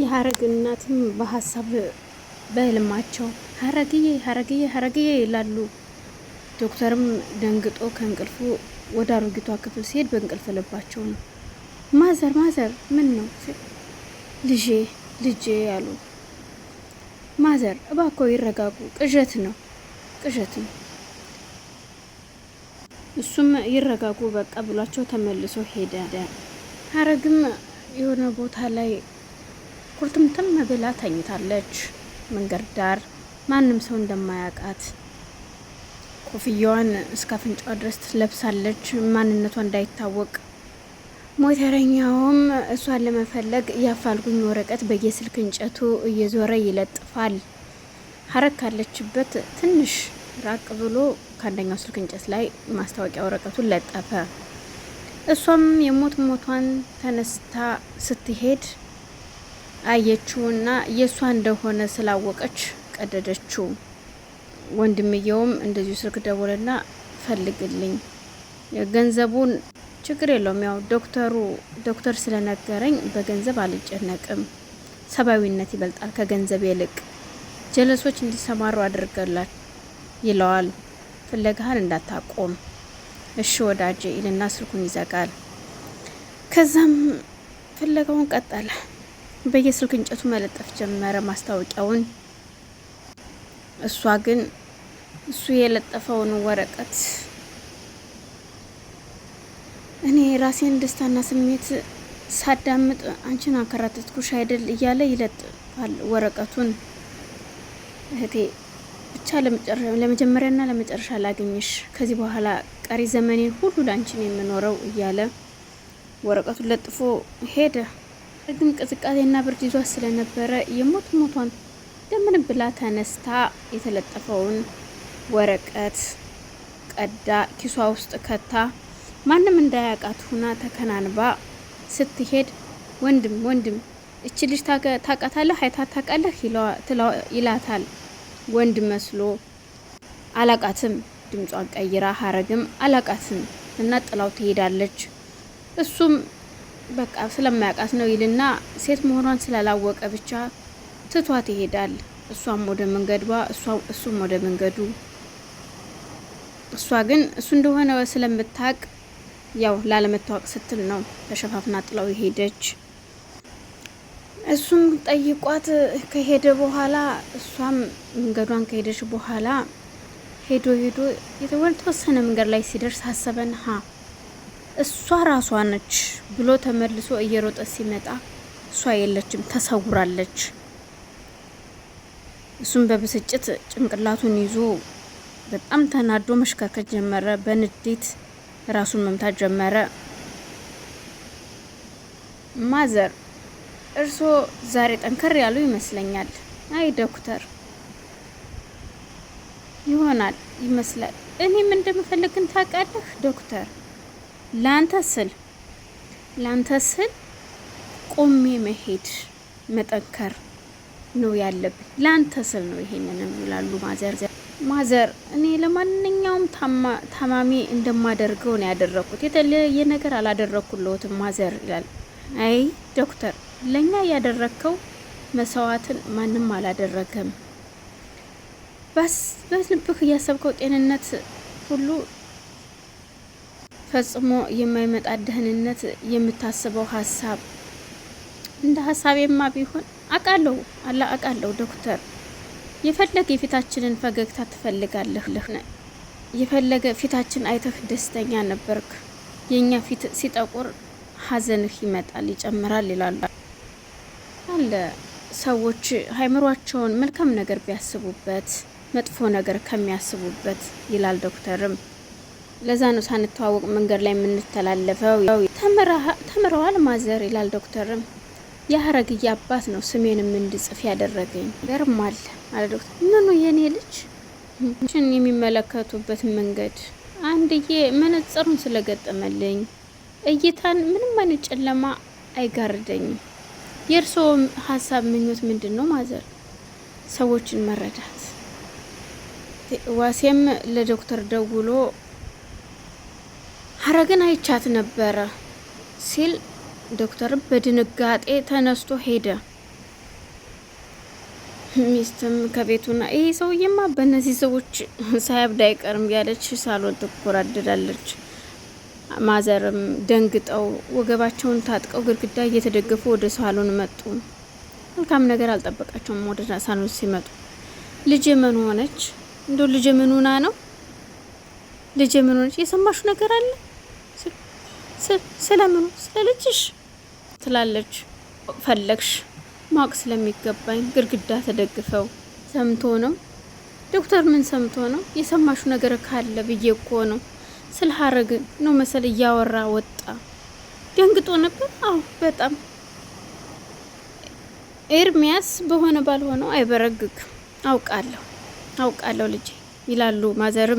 የሀረግ እናትም በሀሳብ በህልማቸው ሀረግዬ ሀረግዬ ሀረግዬ ይላሉ። ዶክተርም ደንግጦ ከእንቅልፉ ወደ አሮጊቷ ክፍል ሲሄድ በእንቅልፍ ልባቸው ነው። ማዘር ማዘር ምን ነው ልጄ ልጄ አሉ። ማዘር እባኮ ይረጋጉ፣ ቅዠት ነው ቅዠት ነው። እሱም ይረጋጉ በቃ ብሏቸው ተመልሶ ሄደ። ሀረግም የሆነ ቦታ ላይ ኩርትምትም ብላ ተኝታለች። መንገድ ዳር ማንም ሰው እንደማያውቃት ኮፍያዋን እስከ አፍንጫዋ ድረስ ትለብሳለች ማንነቷ እንዳይታወቅ። ሞተረኛውም እሷን ለመፈለግ የአፋልጉኝ ወረቀት በየስልክ እንጨቱ እየዞረ ይለጥፋል። ሀረግ ካለችበት ትንሽ ራቅ ብሎ ከአንደኛው ስልክ እንጨት ላይ ማስታወቂያ ወረቀቱን ለጠፈ። እሷም የሞት ሞቷን ተነስታ ስትሄድ አየችውና የእሷ እንደሆነ ስላወቀች ቀደደችው። ወንድምየውም እንደዚሁ ስልክ ደውልና ፈልግልኝ ገንዘቡን ችግር የለውም ያው ዶክተሩ ዶክተር ስለነገረኝ በገንዘብ አልጨነቅም። ሰብአዊነት ይበልጣል ከገንዘብ ይልቅ ጀለሶች እንዲሰማሩ አድርገላል ይለዋል። ፍለጋህን እንዳታቆም እሺ ወዳጄ ይልና ስልኩን ይዘጋል። ከዛም ፍለጋውን ቀጠለ። በየስልክ እንጨቱ መለጠፍ ጀመረ ማስታወቂያውን። እሷ ግን እሱ የለጠፈውን ወረቀት እኔ ራሴን ደስታና ስሜት ሳዳምጥ አንቺን አንከራተትኩሽ አይደል እያለ ይለጥፋል ወረቀቱን። እህቴ ብቻ ለመጀመሪያና ለመጨረሻ ላገኝሽ፣ ከዚህ በኋላ ቀሪ ዘመኔን ሁሉ ለአንቺን የምኖረው እያለ ወረቀቱን ለጥፎ ሄደ። ግን ቅዝቃዜና ብርድ ይዟት ስለነበረ የሞት ሞቷን ለምን ብላ ተነስታ የተለጠፈውን ወረቀት ቀዳ ኪሷ ውስጥ ከታ ማንም እንዳያውቃት ሁና ተከናንባ ስትሄድ ወንድም ወንድም እች ልጅ ታውቃታለህ? አይታት ታውቃለህ? ይላታል ወንድ መስሎ። አላቃትም ድምጿን ቀይራ ሀረግም አላቃትም እና ጥላው ትሄዳለች። እሱም በቃ ስለማያውቃት ነው ይልና ሴት መሆኗን ስላላወቀ ብቻ ትቷት ይሄዳል። እሷም ወደ መንገዷ፣ እሱም ወደ መንገዱ። እሷ ግን እሱ እንደሆነ ስለምታውቅ ያው ላለመታወቅ ስትል ነው ተሸፋፍና ጥላው ሄደች። እሱም ጠይቋት ከሄደ በኋላ እሷም መንገዷን ከሄደች በኋላ ሄዶ ሄዶ የተወሰነ መንገድ ላይ ሲደርስ ሀሰበን ሀ እሷ ራሷ ነች ብሎ ተመልሶ እየሮጠ ሲመጣ እሷ የለችም፣ ተሰውራለች። እሱም በብስጭት ጭንቅላቱን ይዞ በጣም ተናዶ መሽካከት ጀመረ። በንዴት ራሱን መምታት ጀመረ። ማዘር እርስዎ ዛሬ ጠንከር ያሉ ይመስለኛል። አይ ዶክተር ይሆናል ይመስላል። እኔም እንደምፈልግን ታውቃለህ ዶክተር ላንተ ስል ላንተ ስል ቆሜ መሄድ መጠንከር ነው ያለብኝ። ላንተ ስል ነው ይሄንን ይላሉ ማዘር ማዘር እኔ ለማንኛውም ታማሚ እንደማደርገው ነው ያደረኩት። የተለየ ነገር አላደረኩለትም ማዘር ይላል። አይ ዶክተር፣ ለእኛ ያደረግከው መስዋዕትን ማንም አላደረገም። በልብህ እያሰብከው ጤንነት ሁሉ ፈጽሞ የማይመጣ ደህንነት የምታስበው ሀሳብ እንደ ሀሳቤማ ቢሆን አቃለሁ አላ አቃለሁ ዶክተር የፈለገ የፊታችንን ፈገግታ ትፈልጋለህ የፈለገ ፊታችን አይተህ ደስተኛ ነበርክ። የእኛ ፊት ሲጠቁር ሀዘንህ ይመጣል ይጨምራል ይላሉ አለ። ሰዎች አእምሯቸውን መልካም ነገር ቢያስቡበት መጥፎ ነገር ከሚያስቡበት ይላል ዶክተርም ለዛ ነው ሳንተዋወቅ መንገድ ላይ የምንተላለፈው። ተምረዋል ማዘር ይላል ዶክተርም። የሀረግዬ አባት ነው ስሜንም እንድጽፍ ያደረገኝ። ገርማል አለ ዶክተር። ምኑ የኔ ልጅ ችን የሚመለከቱበት መንገድ አንድዬ መነጽሩን ስለገጠመልኝ እይታን ምንም አይነት ጨለማ አይጋርደኝም። የእርስዎ ሀሳብ ምኞት ምንድን ነው ማዘር? ሰዎችን መረዳት። ዋሴም ለዶክተር ደውሎ ሀረግን አይቻት ነበረ ሲል ዶክተር በድንጋጤ ተነስቶ ሄደ። ሚስትም ከቤቱና ይህ ሰውዬማ በእነዚህ ሰዎች ሳያብድ አይቀርም ያለች ሳሎን ትኮራደዳለች። ማዘርም ደንግጠው ወገባቸውን ታጥቀው ግድግዳ እየተደገፉ ወደ ሳሎን መጡ። መልካም ነገር አልጠበቃቸውም። ወደ ሳሎን ሲመጡ ልጅ ምን ሆነች? እንደው ልጄ ምኑና ነው? ልጅ ምን ሆነች? የሰማሹ ነገር አለ ስለምኑ ስለልጅሽ ትላለች። ፈለግሽ ማወቅ ስለሚገባኝ ግድግዳ ተደግፈው ሰምቶ ነው ዶክተር ምን ሰምቶ ነው? የሰማሹ ነገር ካለ ብዬ እኮ ነው። ስለ ሀረግ ነው መሰል እያወራ ወጣ። ደንግጦ ነበር። አዎ በጣም ኤርሚያስ በሆነ ባልሆነው አይበረግግ። አውቃለሁ አውቃለሁ ልጄ ይላሉ ማዘርም